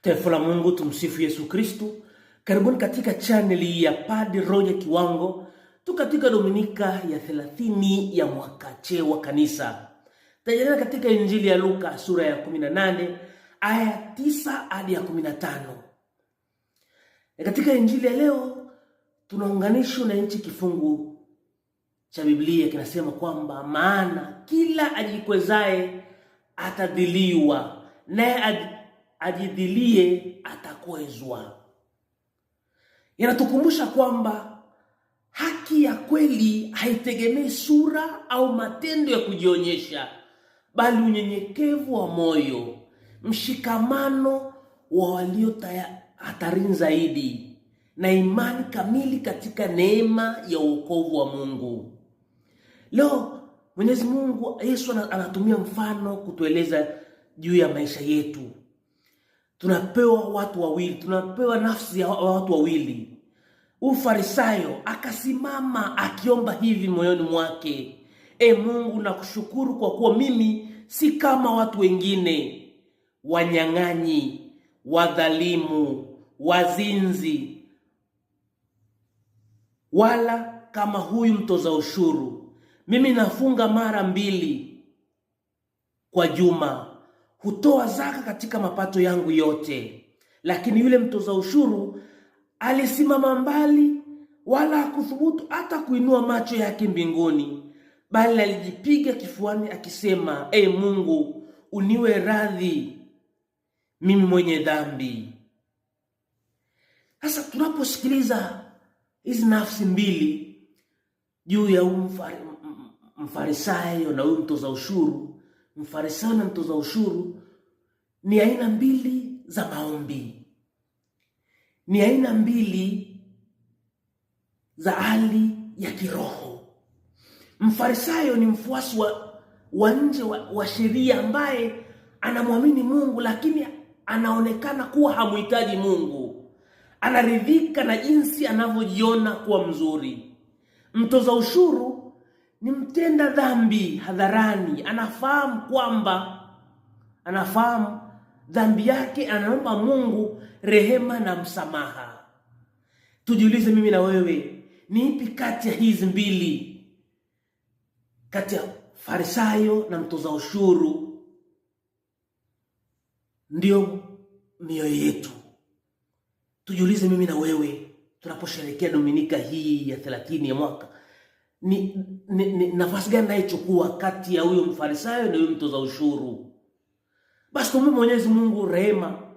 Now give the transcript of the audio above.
Taifa la Mungu, tumsifu Yesu Kristu. Karibuni katika chaneli ya Padre Roger Kiwango. Tu katika dominika ya 30 ya mwaka C wa kanisa. tajelea katika injili ya Luka sura ya 18 aya 9 hadi ya 15. Na katika injili ya leo tunaunganishwa na nchi, kifungu cha Biblia kinasema kwamba maana kila ajikwezae atadhiliwa naye ajidhilie atakwezwa. Inatukumbusha kwamba haki ya kweli haitegemei sura au matendo ya kujionyesha, bali unyenyekevu wa moyo, mshikamano wa walio hatarini zaidi, na imani kamili katika neema ya uokovu wa Mungu. Leo Mwenyezi Mungu Yesu anatumia mfano kutueleza juu ya maisha yetu tunapewa watu wawili, tunapewa nafsi ya watu wawili. Ufarisayo akasimama akiomba hivi moyoni mwake, E Mungu, nakushukuru kwa kuwa mimi si kama watu wengine, wanyang'anyi, wadhalimu, wazinzi, wala kama huyu mtoza ushuru. Mimi nafunga mara mbili kwa juma hutoa zaka katika mapato yangu yote, lakini yule mtoza ushuru alisimama mbali, wala hakuthubutu hata kuinua macho yake mbinguni, bali alijipiga kifuani akisema, E Mungu, uniwe radhi mimi mwenye dhambi. Sasa tunaposikiliza hizi nafsi mbili juu ya huyu mfarisayo na huyu mtoza ushuru mfarisayo na mtoza ushuru ni aina mbili za maombi, ni aina mbili za hali ya kiroho. Mfarisayo ni mfuasi wa, wa nje wa, wa sheria ambaye anamwamini Mungu lakini anaonekana kuwa hamhitaji Mungu, anaridhika na jinsi anavyojiona kuwa mzuri. Mtoza ushuru ni mtenda dhambi hadharani, anafahamu kwamba anafahamu dhambi yake, anaomba Mungu rehema na msamaha. Tujiulize mimi na wewe, ni ipi kati ya hizi mbili, kati ya farisayo na mtoza ushuru? ndio mioyo yetu. Tujiulize mimi na wewe tunaposherehekea Dominika hii ya thelathini ya mwaka ni, ni, ni nafasi gani naichukua kati ya huyo mfarisayo na huyo mtoza ushuru? Basi tumwombe Mwenyezi Mungu rehema